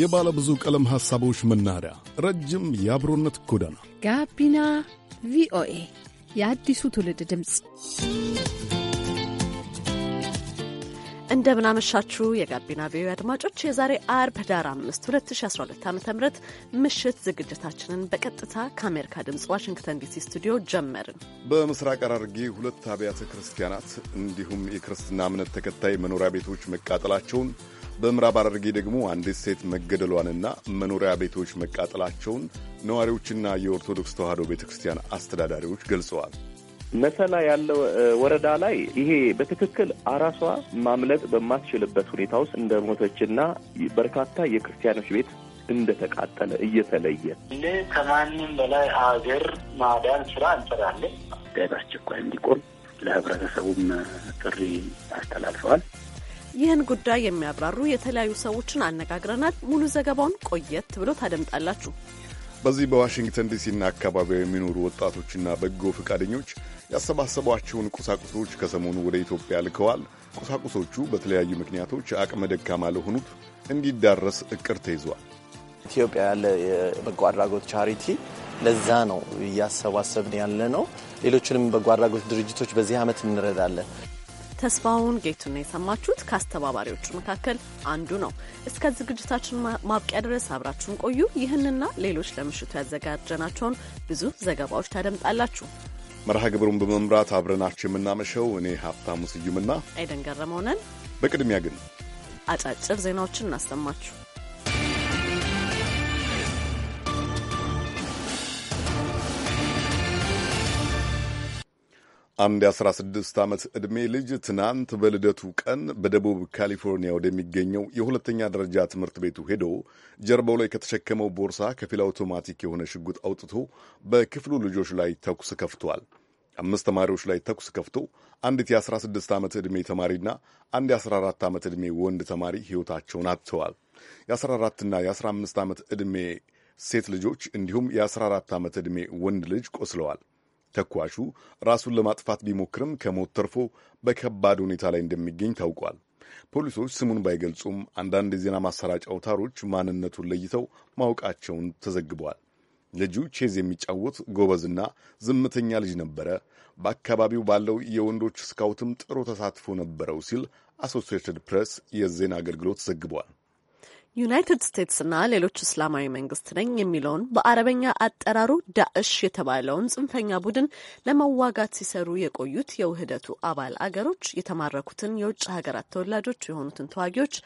የባለ ብዙ ቀለም ሐሳቦች መናኸሪያ፣ ረጅም የአብሮነት ጎዳና ጋቢና ቪኦኤ የአዲሱ ትውልድ ድምፅ። እንደምናመሻችሁ የጋቢና ቪኦኤ አድማጮች፣ የዛሬ አርብ ዳር 5 2012 ዓ ም ምሽት ዝግጅታችንን በቀጥታ ከአሜሪካ ድምፅ ዋሽንግተን ዲሲ ስቱዲዮ ጀመርን። በምስራቅ ሐረርጌ ሁለት አብያተ ክርስቲያናት እንዲሁም የክርስትና እምነት ተከታይ መኖሪያ ቤቶች መቃጠላቸውን በምዕራብ ሐረርጌ ደግሞ አንዲት ሴት መገደሏንና መኖሪያ ቤቶች መቃጠላቸውን ነዋሪዎችና የኦርቶዶክስ ተዋሕዶ ቤተ ክርስቲያን አስተዳዳሪዎች ገልጸዋል። መሰላ ያለው ወረዳ ላይ ይሄ በትክክል አራሷ ማምለጥ በማትችልበት ሁኔታ ውስጥ እንደሞተችና በርካታ የክርስቲያኖች ቤት እንደተቃጠለ እየተለየ እ ከማንም በላይ አገር ማዳን ስራ እንሰራለን። ጉዳይ በአስቸኳይ እንዲቆም ለህብረተሰቡም ጥሪ አስተላልፈዋል። ይህን ጉዳይ የሚያብራሩ የተለያዩ ሰዎችን አነጋግረናል። ሙሉ ዘገባውን ቆየት ብሎ ታደምጣላችሁ። በዚህ በዋሽንግተን ዲሲና አካባቢው የሚኖሩ ወጣቶችና በጎ ፈቃደኞች ያሰባሰቧቸውን ቁሳቁሶች ከሰሞኑ ወደ ኢትዮጵያ ልከዋል። ቁሳቁሶቹ በተለያዩ ምክንያቶች አቅመ ደካማ ለሆኑት እንዲዳረስ እቅድ ተይዟል። ኢትዮጵያ ያለ የበጎ አድራጎት ቻሪቲ ለዛ ነው እያሰባሰብን ያለ ነው። ሌሎችንም በጎ አድራጎት ድርጅቶች በዚህ ዓመት እንረዳለን። ተስፋውን ጌቱን የሰማችሁት ከአስተባባሪዎቹ መካከል አንዱ ነው። እስከ ዝግጅታችን ማብቂያ ድረስ አብራችሁን ቆዩ። ይህንና ሌሎች ለምሽቱ ያዘጋጀናቸውን ብዙ ዘገባዎች ታደምጣላችሁ። መርሃ ግብሩን በመምራት አብረናችሁ የምናመሸው እኔ ሀብታሙ ስዩምና አይደን ገረመው ነን። በቅድሚያ ግን አጫጭር ዜናዎችን እናሰማችሁ። አንድ የ16 ዓመት ዕድሜ ልጅ ትናንት በልደቱ ቀን በደቡብ ካሊፎርኒያ ወደሚገኘው የሁለተኛ ደረጃ ትምህርት ቤቱ ሄዶ ጀርባው ላይ ከተሸከመው ቦርሳ ከፊል አውቶማቲክ የሆነ ሽጉጥ አውጥቶ በክፍሉ ልጆች ላይ ተኩስ ከፍቷል። አምስት ተማሪዎች ላይ ተኩስ ከፍቶ አንዲት የ16 ዓመት ዕድሜ ተማሪና አንድ የ14 ዓመት ዕድሜ ወንድ ተማሪ ሕይወታቸውን አጥተዋል። የ14ና የ15 ዓመት ዕድሜ ሴት ልጆች እንዲሁም የ14 ዓመት ዕድሜ ወንድ ልጅ ቆስለዋል። ተኳሹ ራሱን ለማጥፋት ቢሞክርም ከሞት ተርፎ በከባድ ሁኔታ ላይ እንደሚገኝ ታውቋል። ፖሊሶች ስሙን ባይገልጹም አንዳንድ የዜና ማሰራጫ አውታሮች ማንነቱን ለይተው ማወቃቸውን ተዘግበዋል። ልጁ ቼዝ የሚጫወት ጎበዝና ዝምተኛ ልጅ ነበረ። በአካባቢው ባለው የወንዶች ስካውትም ጥሩ ተሳትፎ ነበረው ሲል አሶሲየትድ ፕሬስ የዜና አገልግሎት ዘግቧል። ዩናይትድ ስቴትስና ሌሎች እስላማዊ መንግስት ነኝ የሚለውን በአረበኛ አጠራሩ ዳእሽ የተባለውን ጽንፈኛ ቡድን ለመዋጋት ሲሰሩ የቆዩት የውህደቱ አባል አገሮች የተማረኩትን የውጭ ሀገራት ተወላጆች የሆኑትን ተዋጊዎች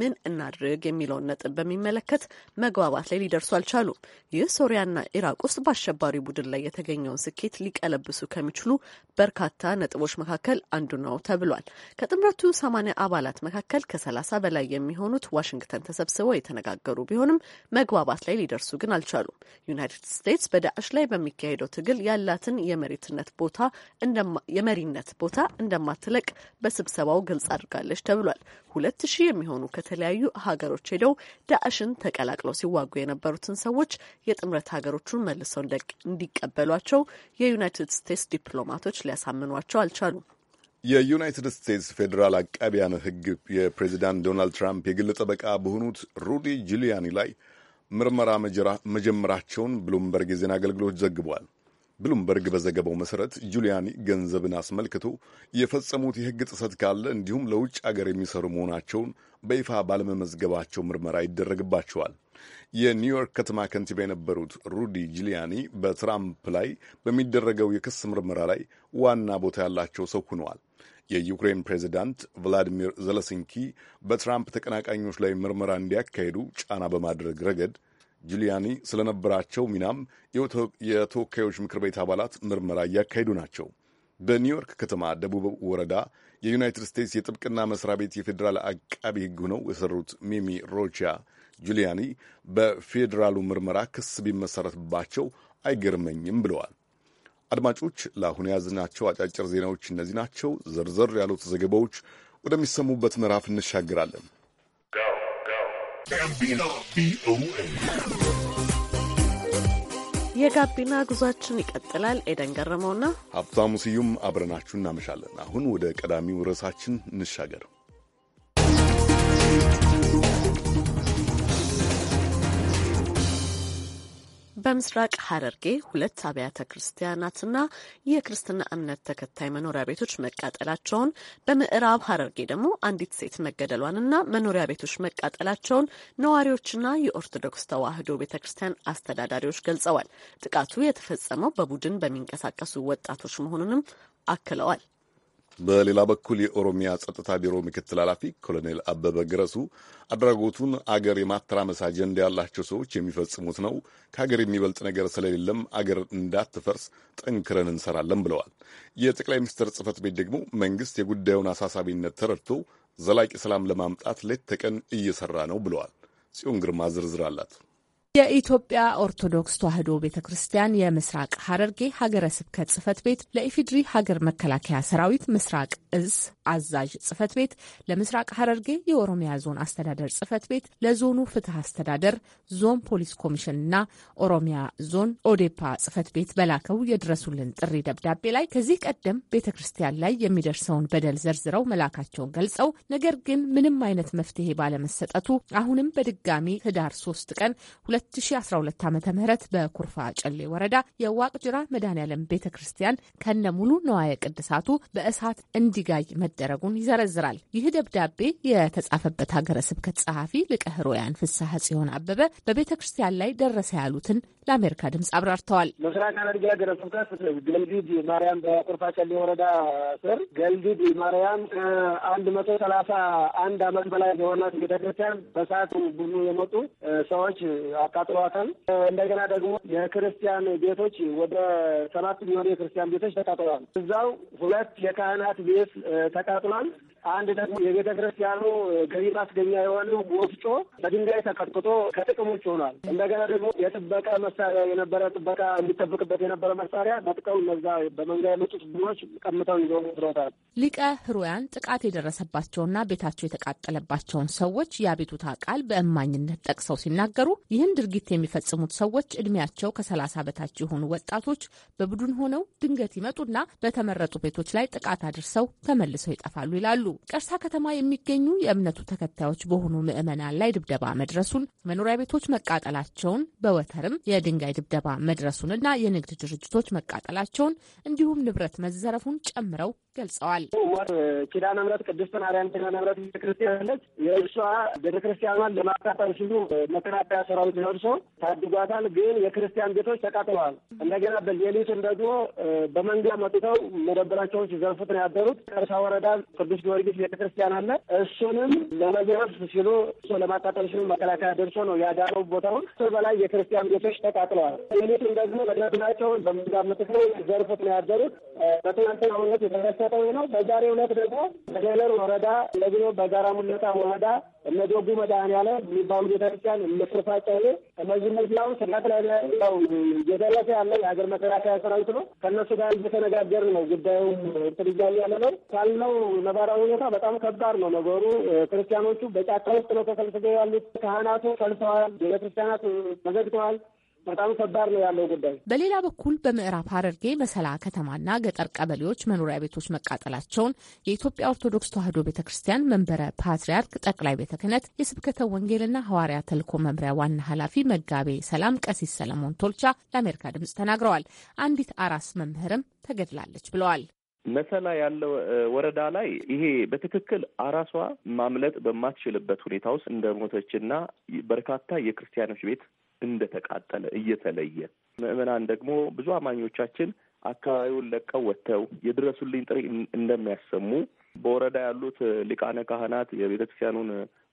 ምን እናድርግ የሚለውን ነጥብ በሚመለከት መግባባት ላይ ሊደርሱ አልቻሉ። ይህ ሶሪያና ኢራቅ ውስጥ በአሸባሪ ቡድን ላይ የተገኘውን ስኬት ሊቀለብሱ ከሚችሉ በርካታ ነጥቦች መካከል አንዱ ነው ተብሏል። ከጥምረቱ ሰማኒያ አባላት መካከል ከሰላሳ በላይ የሚሆኑት ዋሽንግተን ተሰብ ተሰብስበው የተነጋገሩ ቢሆንም መግባባት ላይ ሊደርሱ ግን አልቻሉም። ዩናይትድ ስቴትስ በዳዕሽ ላይ በሚካሄደው ትግል ያላትን ቦታ የመሪነት ቦታ እንደማትለቅ በስብሰባው ግልጽ አድርጋለች ተብሏል። ሁለት ሺህ የሚሆኑ ከተለያዩ ሀገሮች ሄደው ዳዕሽን ተቀላቅለው ሲዋጉ የነበሩትን ሰዎች የጥምረት ሀገሮቹን መልሰው እንዲቀበሏቸው የዩናይትድ ስቴትስ ዲፕሎማቶች ሊያሳምኗቸው አልቻሉም። የዩናይትድ ስቴትስ ፌዴራል አቃቢያን ሕግ የፕሬዚዳንት ዶናልድ ትራምፕ የግል ጠበቃ በሆኑት ሩዲ ጁሊያኒ ላይ ምርመራ መጀመራቸውን ብሉምበርግ የዜና አገልግሎት ዘግቧል። ብሉምበርግ በዘገባው መሠረት ጁሊያኒ ገንዘብን አስመልክቶ የፈጸሙት የሕግ ጥሰት ካለ እንዲሁም ለውጭ አገር የሚሰሩ መሆናቸውን በይፋ ባለመመዝገባቸው ምርመራ ይደረግባቸዋል። የኒውዮርክ ከተማ ከንቲባ የነበሩት ሩዲ ጁሊያኒ በትራምፕ ላይ በሚደረገው የክስ ምርመራ ላይ ዋና ቦታ ያላቸው ሰው ሆነዋል። የዩክሬን ፕሬዚዳንት ቭላዲሚር ዘለንስኪ በትራምፕ ተቀናቃኞች ላይ ምርመራ እንዲያካሂዱ ጫና በማድረግ ረገድ ጁሊያኒ ስለነበራቸው ሚናም የተወካዮች ምክር ቤት አባላት ምርመራ እያካሄዱ ናቸው። በኒውዮርክ ከተማ ደቡብ ወረዳ የዩናይትድ ስቴትስ የጥብቅና መስሪያ ቤት የፌዴራል አቃቢ ሕግ ሆነው የሰሩት ሚሚ ሮቺያ ጁሊያኒ በፌዴራሉ ምርመራ ክስ ቢመሰረትባቸው አይገርመኝም ብለዋል። አድማጮች ለአሁን የያዝናቸው አጫጭር ዜናዎች እነዚህ ናቸው። ዘርዘር ያሉት ዘገባዎች ወደሚሰሙበት ምዕራፍ እንሻግራለን። የጋቢና ጉዟችን ይቀጥላል። ኤደን ገረመውና ሀብታሙ ስዩም አብረናችሁ እናመሻለን። አሁን ወደ ቀዳሚው ርዕሳችን እንሻገር። በምስራቅ ሐረርጌ ሁለት አብያተ ክርስቲያናትና የክርስትና እምነት ተከታይ መኖሪያ ቤቶች መቃጠላቸውን በምዕራብ ሐረርጌ ደግሞ አንዲት ሴት መገደሏንና መኖሪያ ቤቶች መቃጠላቸውን ነዋሪዎችና የኦርቶዶክስ ተዋሕዶ ቤተ ክርስቲያን አስተዳዳሪዎች ገልጸዋል። ጥቃቱ የተፈጸመው በቡድን በሚንቀሳቀሱ ወጣቶች መሆኑንም አክለዋል። በሌላ በኩል የኦሮሚያ ጸጥታ ቢሮ ምክትል ኃላፊ ኮሎኔል አበበ ግረሱ አድራጎቱን አገር የማተራመስ አጀንዳ ያላቸው ሰዎች የሚፈጽሙት ነው፣ ከሀገር የሚበልጥ ነገር ስለሌለም አገር እንዳትፈርስ ጠንክረን እንሰራለን ብለዋል። የጠቅላይ ሚኒስትር ጽህፈት ቤት ደግሞ መንግስት የጉዳዩን አሳሳቢነት ተረድቶ ዘላቂ ሰላም ለማምጣት ሌት ተቀን እየሰራ ነው ብለዋል። ጽዮን ግርማ ዝርዝር አላት። የኢትዮጵያ ኦርቶዶክስ ተዋሕዶ ቤተ ክርስቲያን የምስራቅ ሐረርጌ ሀገረ ስብከት ጽፈት ቤት ለኢፌድሪ ሀገር መከላከያ ሰራዊት ምስራቅ እዝ አዛዥ ጽፈት ቤት፣ ለምስራቅ ሐረርጌ የኦሮሚያ ዞን አስተዳደር ጽፈት ቤት፣ ለዞኑ ፍትህ አስተዳደር፣ ዞን ፖሊስ ኮሚሽንና ኦሮሚያ ዞን ኦዴፓ ጽፈት ቤት በላከው የድረሱልን ጥሪ ደብዳቤ ላይ ከዚህ ቀደም ቤተ ክርስቲያን ላይ የሚደርሰውን በደል ዘርዝረው መላካቸውን ገልጸው ነገር ግን ምንም አይነት መፍትሄ ባለመሰጠቱ አሁንም በድጋሚ ህዳር ሶስት ቀን 2012 ዓ ም በኩርፋ ጨሌ ወረዳ የዋቅጅራ መድኃኔዓለም ቤተ ክርስቲያን ከነ ሙሉ ነዋየ ቅድሳቱ በእሳት እንዲጋይ መደረጉን ይዘረዝራል። ይህ ደብዳቤ የተጻፈበት ሀገረ ስብከት ጸሐፊ ልቀ ሕሩያን ፍስሐ ጽዮን አበበ በቤተ ክርስቲያን ላይ ደረሰ ያሉትን ለአሜሪካ ድምፅ አብራርተዋል። ምስራቅ ሐረርጌ ሀገረ ስብከት ገልዲድ ማርያም በቁርፋቸሌ ወረዳ ስር ገልዲድ ማርያም ከአንድ መቶ ሰላሳ አንድ አመት በላይ በሆናት ቤተክርስቲያን በሰዓቱ ብዙ የመጡ ሰዎች አቃጥሏታል። እንደገና ደግሞ የክርስቲያን ቤቶች ወደ ሰባት የሚሆኑ የክርስቲያን ቤቶች ተቃጥለዋል። እዛው ሁለት የካህናት ቤት ተቃጥሏል። አንድ ደግሞ የቤተ ክርስቲያኑ ገቢ ማስገኛ የሆነው ወፍጮ በድንጋይ ተቀጥቅጦ ከጥቅም ውጭ ሆኗል። እንደገና ደግሞ የጥበቃ መሳሪያ የነበረ ጥበቃ የሚጠብቅበት የነበረ መሳሪያ መጥቀው እነዛ በመንጋ የመጡት ቡኖች ቀምተው ይዘው ብሮታል። ሊቀ ህሩያን ጥቃት የደረሰባቸውና ቤታቸው የተቃጠለባቸውን ሰዎች የአቤቱታ ቃል በእማኝነት ጠቅሰው ሲናገሩ ይህን ድርጊት የሚፈጽሙት ሰዎች እድሜያቸው ከሰላሳ በታች የሆኑ ወጣቶች በቡድን ሆነው ድንገት ይመጡና በተመረጡ ቤቶች ላይ ጥቃት አድርሰው ተመልሰው ይጠፋሉ ይላሉ። ቀርሳ ከተማ የሚገኙ የእምነቱ ተከታዮች በሆኑ ምዕመናን ላይ ድብደባ መድረሱን፣ መኖሪያ ቤቶች መቃጠላቸውን፣ በወተርም የድንጋይ ድብደባ መድረሱንና የንግድ ድርጅቶች መቃጠላቸውን እንዲሁም ንብረት መዘረፉን ጨምረው ገልጸዋል። ኪዳነ ምሕረት ቅድስት ማርያም ኪዳነ ምሕረት ቤተክርስቲያን አለች። የእሷ ቤተክርስቲያኗን ለማቃጠል ሲሉ መከላከያ ሰራዊት ደርሶ ታድጓታል። ግን የክርስቲያን ቤቶች ተቃጥለዋል። እንደገና በሌሊቱን ደግሞ በመንጋ መጥተው መደብራቸውን ሲዘርፉት ነው ያደሩት። ቀርሳ ወረዳ ቅዱስ ጊዮርጊስ ጊዮርጊስ ቤተክርስቲያን አለ። እሱንም ለመዘረፍ ሲሉ እሱ ለማቃጠል ሲሉ መከላከያ ደርሶ ነው ያዳረው ቦታውን። እሱ በላይ የክርስቲያን ቤቶች ተቃጥለዋል። ሌሊቱን ደግሞ መድረክናቸውን በምንጋምት ነው ዘርፉት ነው ያደሩት። በትናንትና ዕለት የተከሰተው ነው። በዛሬ ዕለት ደግሞ በደለር ወረዳ እንደዚህ በጋራ ሙለታ ወረዳ እነ እነዶጉ መድኃኔዓለም የሚባሉ ቤተክርስቲያን ምክርፋጫ ይ እነዚህ እነዚህ አሁን ስጋት ላይ ያው እየደረሰ ያለ የሀገር መከላከያ ሰራዊት ነው። ከእነሱ ጋር እየተነጋገር ነው ጉዳዩ ትርያሉ ያለ ነው ካልነው ነባራዊ ሁኔታ በጣም ከባድ ነው ነገሩ። ክርስቲያኖቹ በጫካ ውስጥ ነው ተሰልስበው ያሉት። ካህናቱ ፈልሰዋል፣ ቤተክርስቲያናት ተዘግተዋል። በጣም ከባድ ነው ያለው ጉዳይ። በሌላ በኩል በምዕራብ ሐረርጌ መሰላ ከተማና ገጠር ቀበሌዎች መኖሪያ ቤቶች መቃጠላቸውን የኢትዮጵያ ኦርቶዶክስ ተዋሕዶ ቤተ ክርስቲያን መንበረ ፓትርያርክ ጠቅላይ ቤተ ክህነት የስብከተ ወንጌልና ሐዋርያ ተልእኮ መምሪያ ዋና ኃላፊ መጋቤ ሰላም ቀሲስ ሰለሞን ቶልቻ ለአሜሪካ ድምጽ ተናግረዋል። አንዲት አራስ መምህርም ተገድላለች ብለዋል። መሰላ ያለው ወረዳ ላይ ይሄ በትክክል አራሷ ማምለጥ በማትችልበት ሁኔታ ውስጥ እንደሞተችና በርካታ የክርስቲያኖች ቤት እንደተቃጠለ እየተለየ ምዕመናን ደግሞ ብዙ አማኞቻችን አካባቢውን ለቀው ወጥተው የድረሱልኝ ጥሪ እንደሚያሰሙ በወረዳ ያሉት ሊቃነ ካህናት የቤተ ክርስቲያኑን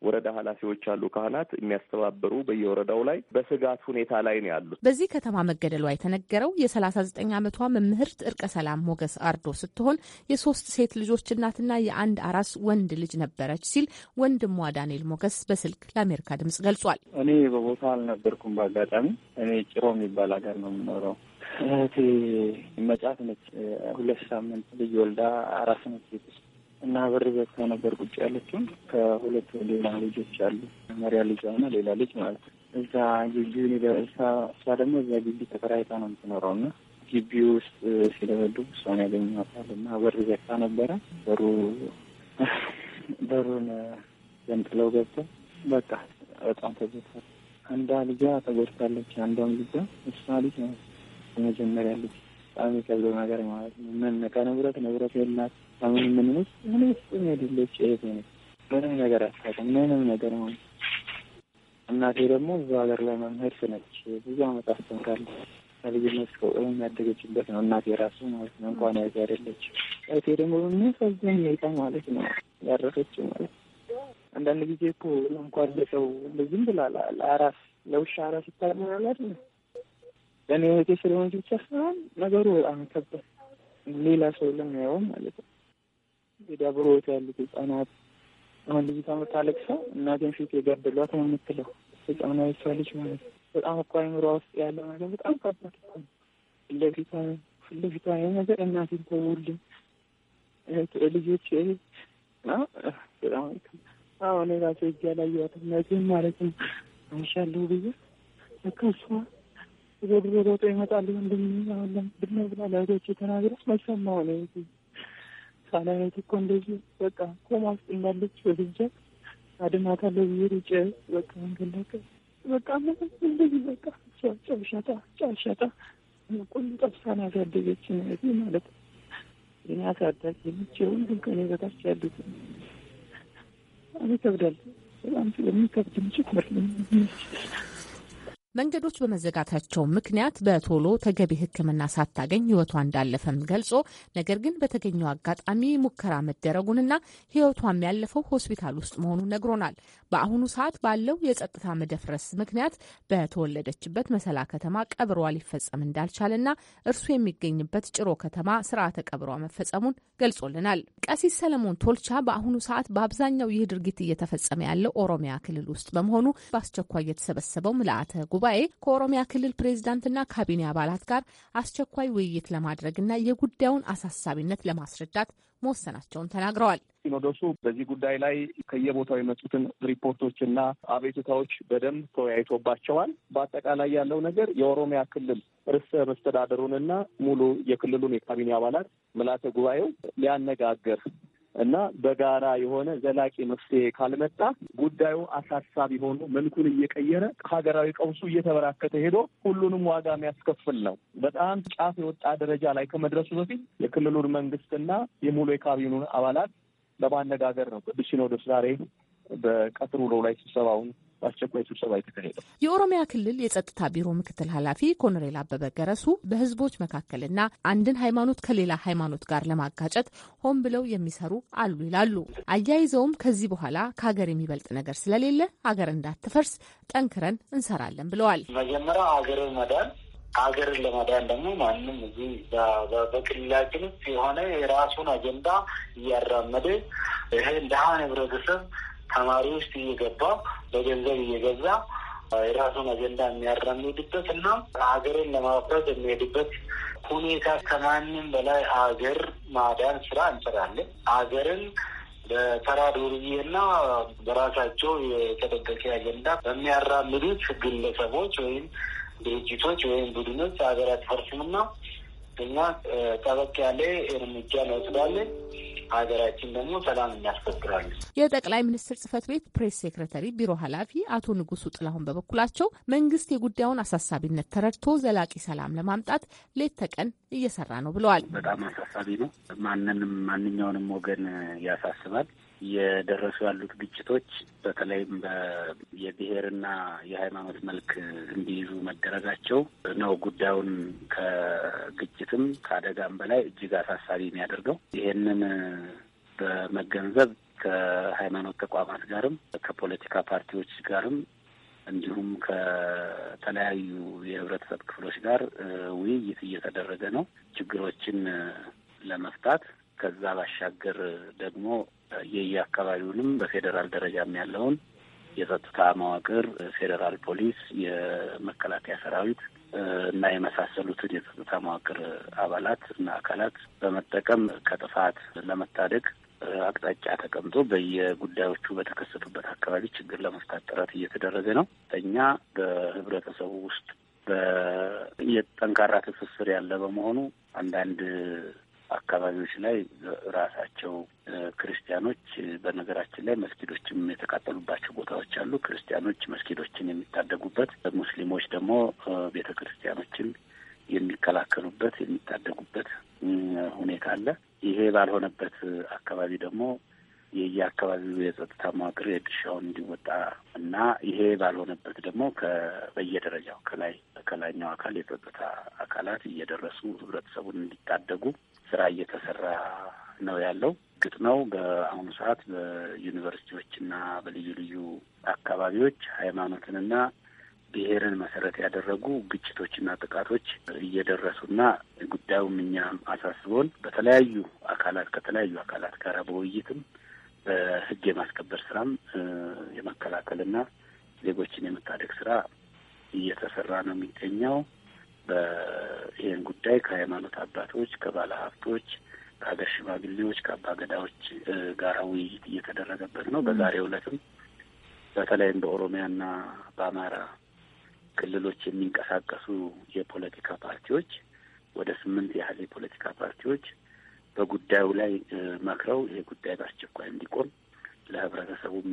ወረዳ ኃላፊዎች ያሉ ካህናት የሚያስተባብሩ በየወረዳው ላይ በስጋት ሁኔታ ላይ ነው ያሉት። በዚህ ከተማ መገደሏ የተነገረው የሰላሳ ዘጠኝ ዓመቷ መምህርት እርቀ ሰላም ሞገስ አርዶ ስትሆን የሶስት ሴት ልጆች እናትና የአንድ አራስ ወንድ ልጅ ነበረች ሲል ወንድሟ ዳንኤል ሞገስ በስልክ ለአሜሪካ ድምጽ ገልጿል። እኔ በቦታ አልነበርኩም። በአጋጣሚ እኔ ጭሮ የሚባል ሀገር ነው የምኖረው። እህቴ መጫት ነች። ሁለት ሳምንት ልጅ ወልዳ አራስ ነች። እና በር ዘግታ ነበር ቁጭ ያለችው። ከሁለት ሌላ ልጆች አሉ፣ መሪያ ልጅ ሆነ ሌላ ልጅ ማለት ነው። እዛ ግቢ እሷ ደግሞ እዛ ግቢ ተከራይታ ነው የምትኖረው እና ግቢ ውስጥ ሲደበድቡ እሷን ያገኘታል እና በር ዘግታ ነበረ። በሩ በሩን ዘንጥለው ገብተው በቃ በጣም ተጎድታል። አንዷ ልጇ ተጎድታለች። አንዷም ልጇ እሷ ልጅ ነው የመጀመሪያ ልጅ በጣም የከብደው ነገር ማለት ነው። ምን ከንብረት ንብረት የላት አሁን ምን ውስጥ ምን ውስጥም የሌለች እህቴ ነው። ምንም ነገር አታውቅም። ምንም ነገር ማለት እናቴ ደግሞ ብዙ ሀገር ላይ መምህር ስነች ብዙ አመት አስተምራለች። ከልጅነት ከቆም ያደገችበት ነው እናቴ ራሱ ማለት ነው። እንኳን ያዚ አይደለች። እህቴ ደግሞ ሁኔታ ማለት ነው ያረፈችው ማለት አንዳንድ ጊዜ እኮ እንኳን ለሰው ዝም ብላ ለአራስ ለውሻ አራስ ይታለላል አይደል ለእኔ ህቴ ስለሆነች ብቻ ሳይሆን ነገሩ በጣም ከባድ ሌላ ሰው ለሚያየው ማለት ነው። እንግዲህ አብሮት ያሉት ህጻናት አሁን ልጅቷ የምታለቅሰው እናቴን ፊት የገደሏት ነው የምትለው ህጻና የሷ ልጅ ማለት ነው። በጣም እኮ አይምሯ ውስጥ ያለው ነገር በጣም ከባድ ነው። ለፊቷ ለፊቷ ይሄ ነገር እናቴን ተውልኝ ልጆች በጣም አሁን ራሴ እጃ ላይ ያዋት እናቴን ማለት ነው አይሻለሁ ብዬ ለካ እሷ በድሮ ሮጦ ይመጣል ወንድምድነ ብላ ለእህቶቼ ተናግራ መሰማው ነው ሳላየት እኮ እንደዚህ በቃ ኮማ ውስጥ እንዳለች በድጃት አድናታለሁ ብዬ ሩጬ በቃ መንገድ በቃ እንደዚህ በቃ ጨብሸጣ ጨብሸጣ ቁም ጠብሳ ነው ያሳደገችን ማለት ነው። እኔ አሳዳጊ ሁሉም ከኔ በታች ያሉት ይከብዳል። በጣም ስለሚከብድ ምችት ምርት መንገዶች በመዘጋታቸው ምክንያት በቶሎ ተገቢ ሕክምና ሳታገኝ ህይወቷ እንዳለፈም ገልጾ ነገር ግን በተገኘው አጋጣሚ ሙከራ መደረጉንና ህይወቷም ያለፈው ሆስፒታል ውስጥ መሆኑን ነግሮናል። በአሁኑ ሰዓት ባለው የጸጥታ መደፍረስ ምክንያት በተወለደችበት መሰላ ከተማ ቀብሯ ሊፈጸም እንዳልቻለና እርሱ የሚገኝበት ጭሮ ከተማ ስርዓተ ቀብሯ መፈጸሙን ገልጾልናል። ቀሲስ ሰለሞን ቶልቻ በአሁኑ ሰዓት በአብዛኛው ይህ ድርጊት እየተፈጸመ ያለው ኦሮሚያ ክልል ውስጥ በመሆኑ በአስቸኳይ የተሰበሰበው ምልአተ ጉባኤ ከኦሮሚያ ክልል ፕሬዚዳንትና ካቢኔ አባላት ጋር አስቸኳይ ውይይት ለማድረግና የጉዳዩን አሳሳቢነት ለማስረዳት መወሰናቸውን ተናግረዋል። ሲኖዶሱ በዚህ ጉዳይ ላይ ከየቦታው የመጡትን ሪፖርቶችና አቤቱታዎች በደንብ ተወያይቶባቸዋል። በአጠቃላይ ያለው ነገር የኦሮሚያ ክልል ርዕሰ መስተዳደሩንና ሙሉ የክልሉን የካቢኔ አባላት ምልዓተ ጉባኤው ሊያነጋግር እና በጋራ የሆነ ዘላቂ መፍትሄ ካልመጣ ጉዳዩ አሳሳቢ ሆኖ መልኩን እየቀየረ ሀገራዊ ቀውሱ እየተበራከተ ሄዶ ሁሉንም ዋጋ የሚያስከፍል ነው። በጣም ጫፍ የወጣ ደረጃ ላይ ከመድረሱ በፊት የክልሉን መንግስትና የሙሉ የካቢኑን አባላት ለማነጋገር ነው ቅዱስ ሲኖዶስ ዛሬ በቀትር ውሎ ላይ ስብሰባውን በአስቸኳይ ስብሰባ የተካሄደው። የኦሮሚያ ክልል የጸጥታ ቢሮ ምክትል ኃላፊ ኮሎኔል አበበ ገረሱ በህዝቦች መካከልና አንድን ሃይማኖት ከሌላ ሃይማኖት ጋር ለማጋጨት ሆን ብለው የሚሰሩ አሉ ይላሉ። አያይዘውም ከዚህ በኋላ ከሀገር የሚበልጥ ነገር ስለሌለ ሀገር እንዳትፈርስ ጠንክረን እንሰራለን ብለዋል። መጀመሪያ ሀገርን መዳን ሀገርን ለመዳን ደግሞ ማንም እዚህ በክልላችን ውስጥ የሆነ የራሱን አጀንዳ እያራመደ ይሄ ድሃ ህብረተሰብ ተማሪ ውስጥ እየገባ በገንዘብ እየገዛ የራሱን አጀንዳ የሚያራምድበት እና ሀገርን ለማፍረት የሚሄድበት ሁኔታ ከማንም በላይ ሀገር ማዳን ስራ እንሰራለን። ሀገርን በተራ ዱርዬና በራሳቸው የተደበቀ አጀንዳ በሚያራምዱት ግለሰቦች ወይም ድርጅቶች ወይም ቡድኖች ሀገር አትፈርስምና እኛ ጠበቅ ያለ እርምጃ እንወስዳለን። ሀገራችን ደግሞ ሰላም እናስከብራለን። የጠቅላይ ሚኒስትር ጽህፈት ቤት ፕሬስ ሴክረተሪ ቢሮ ኃላፊ አቶ ንጉሱ ጥላሁን በበኩላቸው መንግስት የጉዳዩን አሳሳቢነት ተረድቶ ዘላቂ ሰላም ለማምጣት ሌት ተቀን እየሰራ ነው ብለዋል። በጣም አሳሳቢ ነው። ማንንም ማንኛውንም ወገን ያሳስባል። እየደረሱ ያሉት ግጭቶች በተለይም የብሔርና የሃይማኖት መልክ እንዲይዙ መደረጋቸው ነው ጉዳዩን ከግጭትም ከአደጋም በላይ እጅግ አሳሳቢ የሚያደርገው። ይሄንን በመገንዘብ ከሃይማኖት ተቋማት ጋርም ከፖለቲካ ፓርቲዎች ጋርም እንዲሁም ከተለያዩ የህብረተሰብ ክፍሎች ጋር ውይይት እየተደረገ ነው ችግሮችን ለመፍታት ከዛ ባሻገር ደግሞ የየአካባቢውንም በፌዴራል ደረጃም ያለውን የጸጥታ መዋቅር ፌዴራል ፖሊስ፣ የመከላከያ ሰራዊት እና የመሳሰሉትን የጸጥታ መዋቅር አባላት እና አካላት በመጠቀም ከጥፋት ለመታደግ አቅጣጫ ተቀምጦ በየጉዳዮቹ በተከሰቱበት አካባቢ ችግር ለመፍታት ጥረት እየተደረገ ነው። እኛ በህብረተሰቡ ውስጥ በየጠንካራ ትስስር ያለ በመሆኑ አንዳንድ አካባቢዎች ላይ ራሳቸው ክርስቲያኖች በነገራችን ላይ መስጊዶችም የተቃጠሉባቸው ቦታዎች አሉ። ክርስቲያኖች መስጊዶችን የሚታደጉበት፣ ሙስሊሞች ደግሞ ቤተ ክርስቲያኖችን የሚከላከሉበት፣ የሚታደጉበት ሁኔታ አለ። ይሄ ባልሆነበት አካባቢ ደግሞ የየአካባቢው የጸጥታ መዋቅር የድርሻውን እንዲወጣ እና ይሄ ባልሆነበት ደግሞ በየደረጃው ከላይ ከላይኛው አካል የጸጥታ አካላት እየደረሱ ህብረተሰቡን እንዲታደጉ ስራ እየተሰራ ነው ያለው። ግጥ ነው በአሁኑ ሰዓት በዩኒቨርሲቲዎችና በልዩ ልዩ አካባቢዎች ሃይማኖትንና ብሔርን መሰረት ያደረጉ ግጭቶችና ጥቃቶች እየደረሱና ጉዳዩም እኛም አሳስቦን በተለያዩ አካላት ከተለያዩ አካላት ጋር በውይይትም በህግ የማስከበር ስራም የመከላከልና ዜጎችን የመታደግ ስራ እየተሰራ ነው የሚገኘው። ይህን ጉዳይ ከሃይማኖት አባቶች፣ ከባለ ሀብቶች፣ ከሀገር ሽማግሌዎች፣ ከአባ ገዳዎች ጋራ ውይይት እየተደረገበት ነው። በዛሬው ዕለትም በተለይም በኦሮሚያና በአማራ ክልሎች የሚንቀሳቀሱ የፖለቲካ ፓርቲዎች ወደ ስምንት ያህል የፖለቲካ ፓርቲዎች በጉዳዩ ላይ መክረው ይሄ ጉዳይ በአስቸኳይ እንዲቆም ለህብረተሰቡም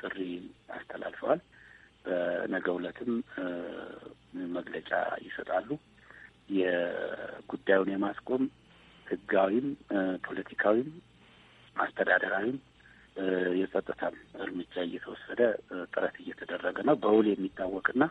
ጥሪ አስተላልፈዋል። በነገ ዕለትም መግለጫ ይሰጣሉ። የጉዳዩን የማስቆም ህጋዊም፣ ፖለቲካዊም፣ አስተዳደራዊም የጸጥታም እርምጃ እየተወሰደ ጥረት እየተደረገ ነው። በውል የሚታወቅና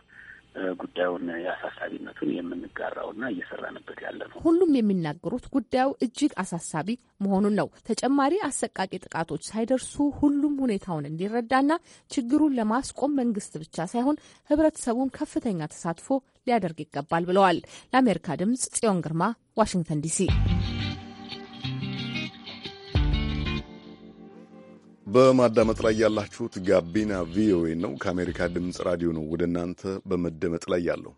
ጉዳዩን የአሳሳቢነቱን የምንጋራውና እየሰራንበት ያለ ነው። ሁሉም የሚናገሩት ጉዳዩ እጅግ አሳሳቢ መሆኑን ነው። ተጨማሪ አሰቃቂ ጥቃቶች ሳይደርሱ ሁሉም ሁኔታውን እንዲረዳና ችግሩን ለማስቆም መንግስት ብቻ ሳይሆን ህብረተሰቡን ከፍተኛ ተሳትፎ ሊያደርግ ይገባል ብለዋል። ለአሜሪካ ድምጽ ጽዮን ግርማ ዋሽንግተን ዲሲ በማዳመጥ ላይ ያላችሁት ጋቢና ቪኦኤ ነው። ከአሜሪካ ድምፅ ራዲዮ ነው ወደ እናንተ በመደመጥ ላይ ያለው።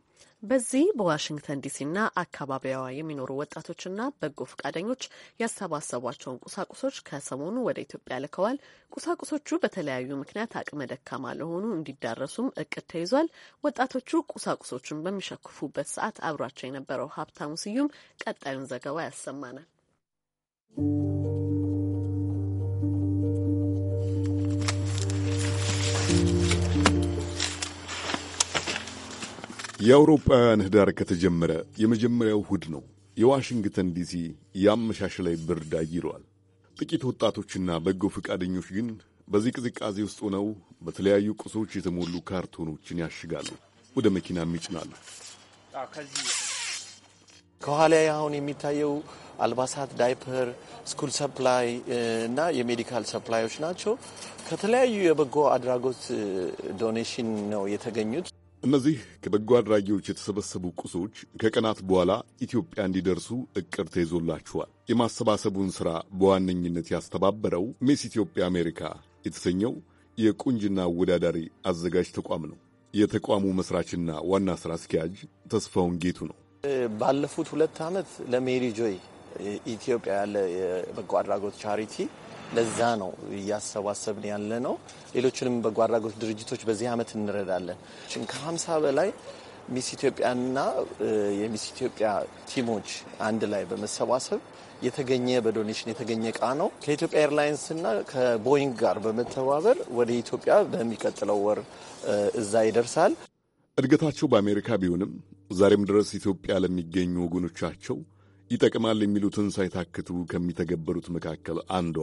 በዚህ በዋሽንግተን ዲሲና አካባቢዋ የሚኖሩ ወጣቶችና በጎ ፈቃደኞች ያሰባሰቧቸውን ቁሳቁሶች ከሰሞኑ ወደ ኢትዮጵያ ልከዋል። ቁሳቁሶቹ በተለያዩ ምክንያት አቅመ ደካማ ለሆኑ እንዲዳረሱም እቅድ ተይዟል። ወጣቶቹ ቁሳቁሶቹን በሚሸክፉበት ሰዓት አብሯቸው የነበረው ሀብታሙ ስዩም ቀጣዩን ዘገባ ያሰማናል። የአውሮፓውያን ህዳር ከተጀመረ የመጀመሪያው እሁድ ነው። የዋሽንግተን ዲሲ የአመሻሽ ላይ ብርድ አይሏል። ጥቂት ወጣቶችና በጎ ፈቃደኞች ግን በዚህ ቅዝቃዜ ውስጥ ሆነው በተለያዩ ቁሶች የተሞሉ ካርቶኖችን ያሽጋሉ፣ ወደ መኪናም ይጭናሉ። ከኋላ አሁን የሚታየው አልባሳት፣ ዳይፐር፣ ስኩል ሰፕላይ እና የሜዲካል ሰፕላዮች ናቸው። ከተለያዩ የበጎ አድራጎት ዶኔሽን ነው የተገኙት። እነዚህ ከበጎ አድራጊዎች የተሰበሰቡ ቁሶች ከቀናት በኋላ ኢትዮጵያ እንዲደርሱ እቅድ ተይዞላችኋል። የማሰባሰቡን ሥራ በዋነኝነት ያስተባበረው ሜስ ኢትዮጵያ አሜሪካ የተሰኘው የቁንጅና አወዳዳሪ አዘጋጅ ተቋም ነው። የተቋሙ መስራችና ዋና ሥራ አስኪያጅ ተስፋውን ጌቱ ነው። ባለፉት ሁለት ዓመት ለሜሪ ጆይ ኢትዮጵያ ያለ የበጎ አድራጎት ቻሪቲ ለዛ ነው እያሰባሰብን ያለ ነው። ሌሎችንም በጎ አድራጎት ድርጅቶች በዚህ ዓመት እንረዳለን። ከ50 በላይ ሚስ ኢትዮጵያና የሚስ ኢትዮጵያ ቲሞች አንድ ላይ በመሰባሰብ የተገኘ በዶኔሽን የተገኘ እቃ ነው። ከኢትዮጵያ ኤርላይንስና ከቦይንግ ጋር በመተባበር ወደ ኢትዮጵያ በሚቀጥለው ወር እዛ ይደርሳል። እድገታቸው በአሜሪካ ቢሆንም ዛሬም ድረስ ኢትዮጵያ ለሚገኙ ወገኖቻቸው ይጠቅማል የሚሉትን ሳይታክቱ ከሚተገበሩት መካከል አንዷ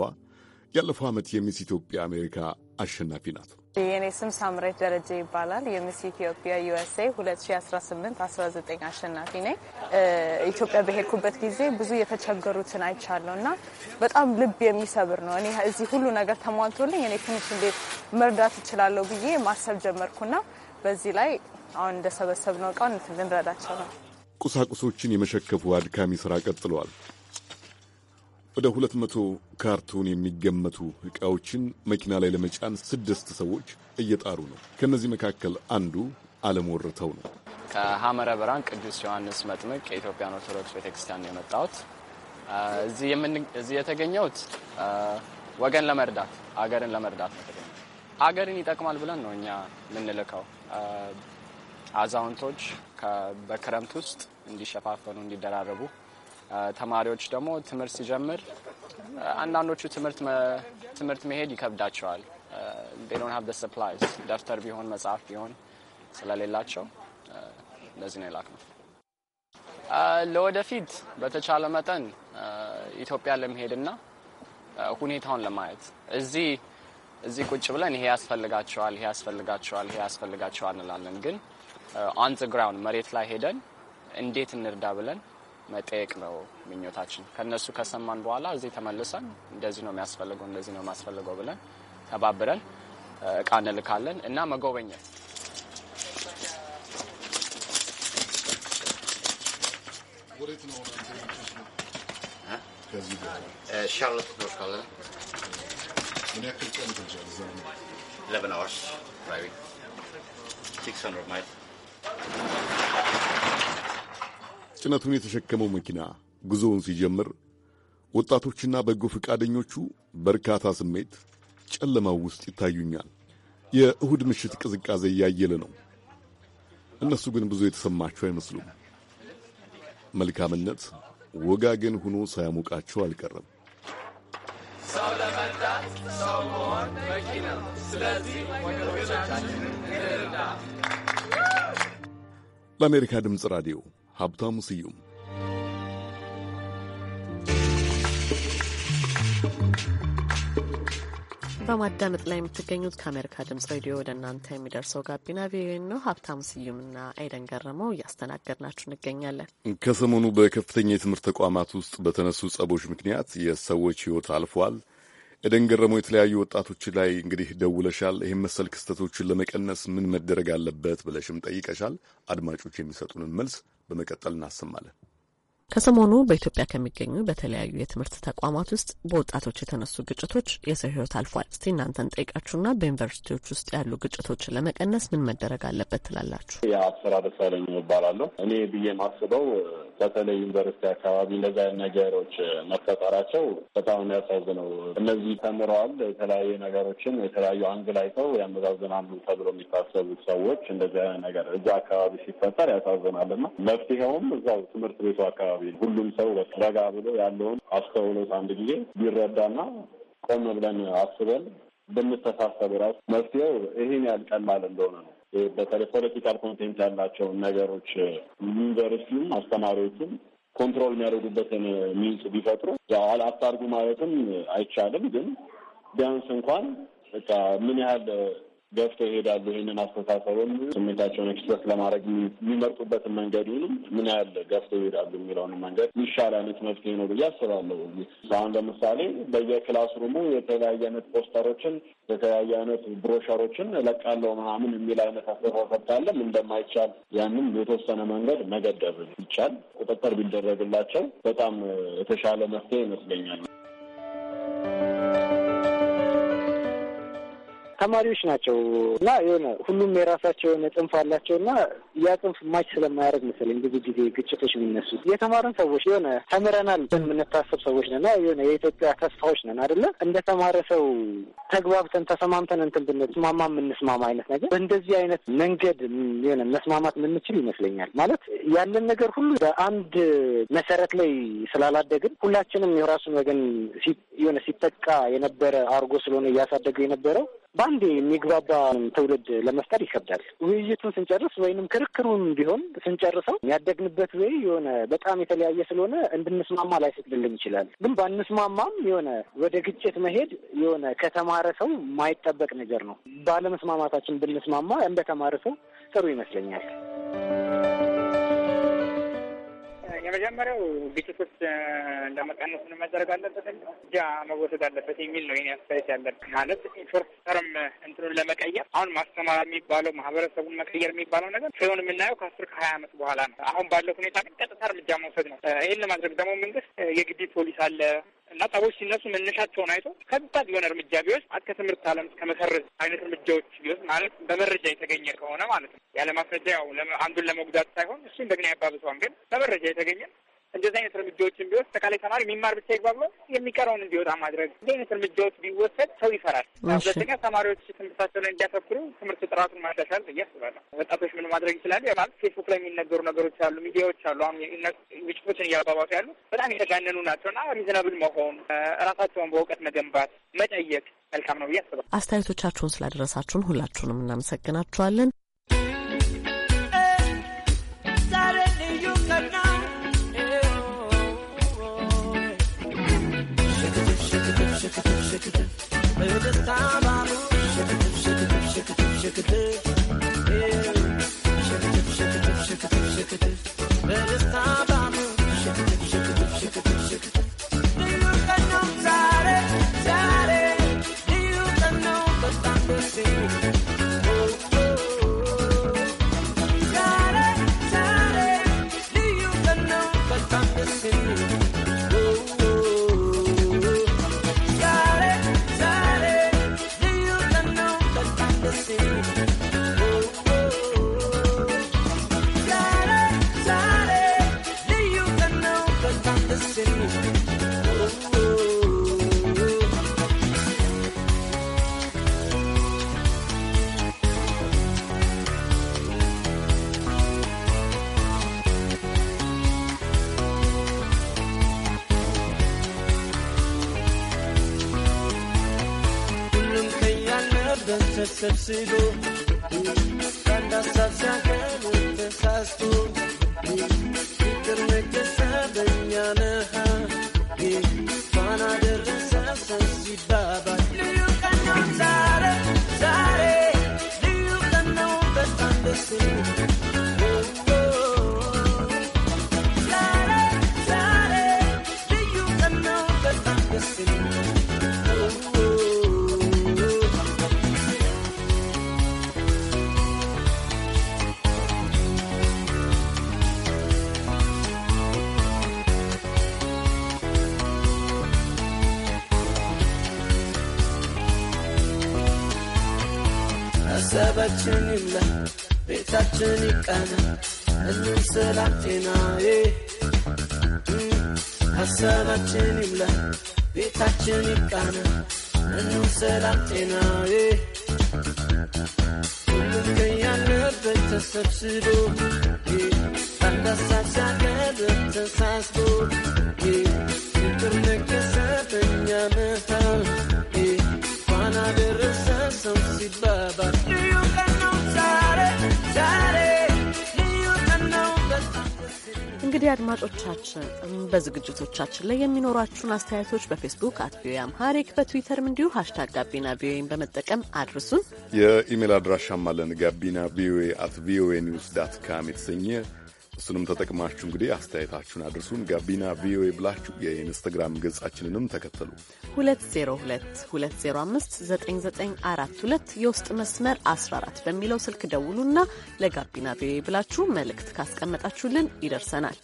ያለፈው ዓመት የሚስ ኢትዮጵያ አሜሪካ አሸናፊ ናት። የእኔ ስም ሳምሬት ደረጀ ይባላል። የሚስ ኢትዮጵያ ዩኤስኤ 2018-19 አሸናፊ ነኝ። ኢትዮጵያ በሄድኩበት ጊዜ ብዙ የተቸገሩትን አይቻለሁ እና በጣም ልብ የሚሰብር ነው። እኔ እዚህ ሁሉ ነገር ተሟልቶልኝ እኔ ትንሽ እንዴት መርዳት እችላለሁ ብዬ ማሰብ ጀመርኩና በዚህ ላይ አሁን እንደሰበሰብ ነው እቃ ልንረዳቸው ነው ቁሳቁሶችን የመሸከፉ አድካሚ ሥራ ቀጥለዋል። ወደ ሁለት መቶ ካርቶን የሚገመቱ ዕቃዎችን መኪና ላይ ለመጫን ስድስት ሰዎች እየጣሩ ነው። ከእነዚህ መካከል አንዱ አለመወርተው ነው። ከሐመረ ብርሃን ቅዱስ ዮሐንስ መጥምቅ የኢትዮጵያን ኦርቶዶክስ ቤተክርስቲያን ነው የመጣሁት። እዚህ የተገኘሁት ወገን ለመርዳት አገርን ለመርዳት ነው አገርን ይጠቅማል ብለን ነው እኛ የምንልከው አዛውንቶች በክረምት ውስጥ እንዲሸፋፈኑ እንዲደራረቡ፣ ተማሪዎች ደግሞ ትምህርት ሲጀምር አንዳንዶቹ ትምህርት መሄድ ይከብዳቸዋል። ዶን ሀብ ሰፕላይዝ ደብተር ቢሆን መጽሐፍ ቢሆን ስለሌላቸው እንደዚህ ነው ነው። ለወደፊት በተቻለ መጠን ኢትዮጵያ ለመሄድና ሁኔታውን ለማየት እዚህ እዚህ ቁጭ ብለን ይሄ ያስፈልጋቸዋል፣ ይሄ ያስፈልጋቸዋል፣ ይሄ ያስፈልጋቸዋል እንላለን ግን አንዝ uh, ግራውንድ መሬት ላይ ሄደን እንዴት እንርዳ ብለን መጠየቅ ነው ምኞታችን። ከነሱ ከሰማን በኋላ እዚህ ተመልሰን እንደዚህ ነው የሚያስፈልገው እንደዚህ ነው የሚያስፈልገው ብለን ተባብረን uh, እቃ እንልካለን እና መጎበኘት ሻርሎት ጭነቱን የተሸከመው መኪና ጉዞውን ሲጀምር ወጣቶችና በጎ ፈቃደኞቹ በእርካታ ስሜት ጨለማው ውስጥ ይታዩኛል። የእሁድ ምሽት ቅዝቃዜ እያየለ ነው። እነሱ ግን ብዙ የተሰማቸው አይመስሉም። መልካምነት ወጋገን ሆኖ ሳያሞቃቸው አልቀረም። ሰው ለመርዳት ሰው መሆን በቂ ነው። ስለዚህ ለአሜሪካ ድምፅ ራዲዮ ሀብታሙ ስዩም። በማዳመጥ ላይ የምትገኙት ከአሜሪካ ድምጽ ሬዲዮ ወደ እናንተ የሚደርሰው ጋቢና ቪኦኤ ነው። ሀብታሙ ስዩምና አይደን ገረመው እያስተናገድናችሁ እንገኛለን። ከሰሞኑ በከፍተኛ የትምህርት ተቋማት ውስጥ በተነሱ ጸቦች ምክንያት የሰዎች ሕይወት አልፏል። ኤደን ገረሞ፣ የተለያዩ ወጣቶች ላይ እንግዲህ ደውለሻል። ይህም መሰል ክስተቶችን ለመቀነስ ምን መደረግ አለበት ብለሽም ጠይቀሻል። አድማጮች የሚሰጡንን መልስ በመቀጠል እናሰማለን። ከሰሞኑ በኢትዮጵያ ከሚገኙ በተለያዩ የትምህርት ተቋማት ውስጥ በወጣቶች የተነሱ ግጭቶች የሰው ህይወት አልፏል። እስቲ እናንተን ጠይቃችሁና በዩኒቨርሲቲዎች ውስጥ ያሉ ግጭቶችን ለመቀነስ ምን መደረግ አለበት ትላላችሁ? ያ ደሳለኝ ይባላለሁ። እኔ ብዬ ማስበው በተለይ ዩኒቨርሲቲ አካባቢ እንደዚህ አይነት ነገሮች መፈጠራቸው በጣም የሚያሳዝነው። እነዚህ ተምረዋል፣ የተለያዩ ነገሮችን የተለያዩ አንግል አይተው ያመዛዝናሉ ተብሎ የሚታሰቡ ሰዎች እንደዚህ አይነት ነገር እዛ አካባቢ ሲፈጠር ያሳዝናልና መፍትሄውም እዛው ትምህርት ቤቱ አካባቢ አካባቢ ሁሉም ሰው ረጋ ብሎ ያለውን አስተውሎት አንድ ጊዜ ቢረዳና ቆም ብለን አስበን ብንተሳሰብ ራሱ መፍትሄው ይህን ያህል ቀላል እንደሆነ ነው። በተለይ ፖለቲካል ኮንቴንት ያላቸውን ነገሮች ዩኒቨርሲቲውም አስተማሪዎቹም ኮንትሮል የሚያደርጉበትን ሚንስ ቢፈጥሩ ያው አታርጉ ማለትም አይቻልም፣ ግን ቢያንስ እንኳን በቃ ምን ያህል ገፍተው ይሄዳሉ። ይህንን አስተሳሰብም ስሜታቸውን ኤክስፕረስ ለማድረግ የሚመርጡበትን መንገዱንም ምን ያለ ገፍቶ ይሄዳሉ የሚለውን መንገድ ይሻል አይነት መፍትሄ ነው ብዬ አስባለሁ። አሁን ለምሳሌ በየክላስ ሩሙ የተለያየ አይነት ፖስተሮችን የተለያየ አይነት ብሮሸሮችን እለቃለሁ ምናምን የሚል አይነት አስተሳሰብ ካለም እንደማይቻል ያንም የተወሰነ መንገድ መገደብ ይቻል፣ ቁጥጥር ቢደረግላቸው በጣም የተሻለ መፍትሄ ይመስለኛል። ተማሪዎች ናቸው እና የሆነ ሁሉም የራሳቸው የሆነ ጽንፍ አላቸው እና ያ ጽንፍ ማች ስለማያደርግ መሰለኝ ብዙ ጊዜ ግጭቶች የሚነሱት። የተማርን ሰዎች የሆነ ተምረናል የምንታሰብ ሰዎች ነና የሆነ የኢትዮጵያ ተስፋዎች ነን አደለ እንደ ተማረ ሰው ተግባብተን ተሰማምተን እንትን ብንስማማ የምንስማማ አይነት ነገር በእንደዚህ አይነት መንገድ የሆነ መስማማት የምንችል ይመስለኛል። ማለት ያለን ነገር ሁሉ በአንድ መሰረት ላይ ስላላደግን ሁላችንም የራሱን ወገን የሆነ ሲጠቃ የነበረ አርጎ ስለሆነ እያሳደገው የነበረው በአንዴ የሚግባባ ትውልድ ለመፍጠር ይከብዳል። ውይይቱን ስንጨርስ ወይንም ክርክሩን ቢሆን ስንጨርሰው ያደግንበት ወይ የሆነ በጣም የተለያየ ስለሆነ እንድንስማማ ላይፈቅድልን ይችላል። ግን ባንስማማም የሆነ ወደ ግጭት መሄድ የሆነ ከተማረ ሰው ማይጠበቅ ነገር ነው። ባለመስማማታችን ብንስማማ እንደተማረ ሰው ጥሩ ይመስለኛል። የመጀመሪያው ግጭቶች ለመቀነስ ምን መደረግ አለበት፣ እጃ መወሰድ አለበት የሚል ነው ይህን አስተያየት ያለን። ማለት ሾርት ተርም እንትኑን ለመቀየር አሁን ማስተማር የሚባለው ማህበረሰቡን መቀየር የሚባለው ነገር ሲሆን የምናየው ከአስር ከሀያ ዓመት በኋላ ነው። አሁን ባለው ሁኔታ ግን ቀጥታ እርምጃ መውሰድ ነው። ይህን ለማድረግ ደግሞ መንግስት የግቢ ፖሊስ አለ፣ እና ጠቦች ሲነሱ መነሻቸውን አይቶ ከባድ የሆነ እርምጃ ቢወስድ አት ከትምህርት ዓለም እስከ መሰረዝ አይነት እርምጃዎች ቢወስድ ማለት በመረጃ የተገኘ ከሆነ ማለት ነው። ያለ ማስረጃ ያው አንዱን ለመጉዳት ሳይሆን እሱን በግን ያባብሰዋን፣ ግን በመረጃ የተገኘ እንደዚህ አይነት እርምጃዎችን ቢወስድ ተቃላይ ተማሪ የሚማር ብቻ ይግባ የሚቀረውን እንዲወጣ ማድረግ እንዲህ አይነት እርምጃዎች ቢወሰድ ሰው ይፈራል። ሁለተኛ ተማሪዎች ትምህርታቸው ላይ እንዲያተኩሩ ትምህርት ጥራቱን ማሻሻል ብዬ አስባለሁ። ወጣቶች ምን ማድረግ ይችላሉ? ማለት ፌስቡክ ላይ የሚነገሩ ነገሮች አሉ፣ ሚዲያዎች አሉ። አሁን ግጭቶችን እያባባሱ ያሉ በጣም የተጋነኑ ናቸው እና ሪዝናብል መሆን ራሳቸውን በእውቀት መገንባት መጠየቅ መልካም ነው ብዬ አስባለሁ። አስተያየቶቻችሁን ስላደረሳችሁን ሁላችሁንም እናመሰግናችኋለን። shake it, shake it, shake ያለበት ተሰብስቦ ተሳስቦ ነገሰተኛ መታል ዋና ደረሰ ሰው ሲባባል እንግዲህ አድማጮቻችን በዝግጅቶቻችን ላይ የሚኖሯችሁን አስተያየቶች በፌስቡክ አት ቪኦኤ አምሃሪክ በትዊተርም እንዲሁ ሀሽታግ ጋቢና ቪኦኤን በመጠቀም አድርሱን። የኢሜል አድራሻም አለን። ጋቢና ቪኦኤ አት ቪኦኤ ኒውስ ዳት ካም የተሰኘ እሱንም ተጠቅማችሁ እንግዲህ አስተያየታችሁን አድርሱን። ጋቢና ቪኦኤ ብላችሁ የኢንስታግራም ገጻችንንም ተከተሉ። 2022059942 የውስጥ መስመር 14 በሚለው ስልክ ደውሉና ለጋቢና ቪኦኤ ብላችሁ መልእክት ካስቀመጣችሁልን ይደርሰናል።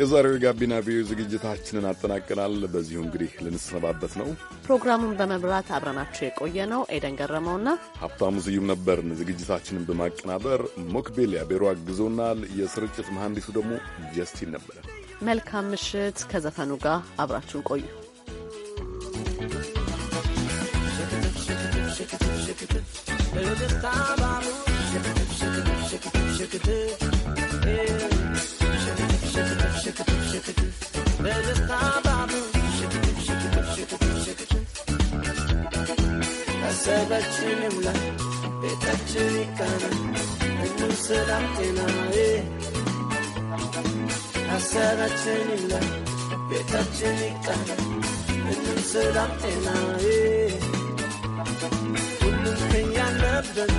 የዛሬው የጋቢና ቪኦኤ ዝግጅታችንን አጠናቀናል። በዚሁ እንግዲህ ልንሰነባበት ነው። ፕሮግራሙን በመብራት አብረናቸው የቆየ ነው ኤደን ገረመውና ሀብታሙ ስዩም ነበርን። ዝግጅታችንን በማቀናበር ሞክቤል ያቤሮ አግዞናል። የስርጭት መሐንዲሱ ደግሞ ጀስቲን ነበረ። መልካም ምሽት። ከዘፈኑ ጋር አብራችሁን ቆዩ። Look at the አሰባችንም ላይ ቤታችን ይቃናል እንውሰዳም ጤናዬ አሰባችንም ላይ ቤታችን ይቃናል እንውሰዳም ጤናዬ yeah.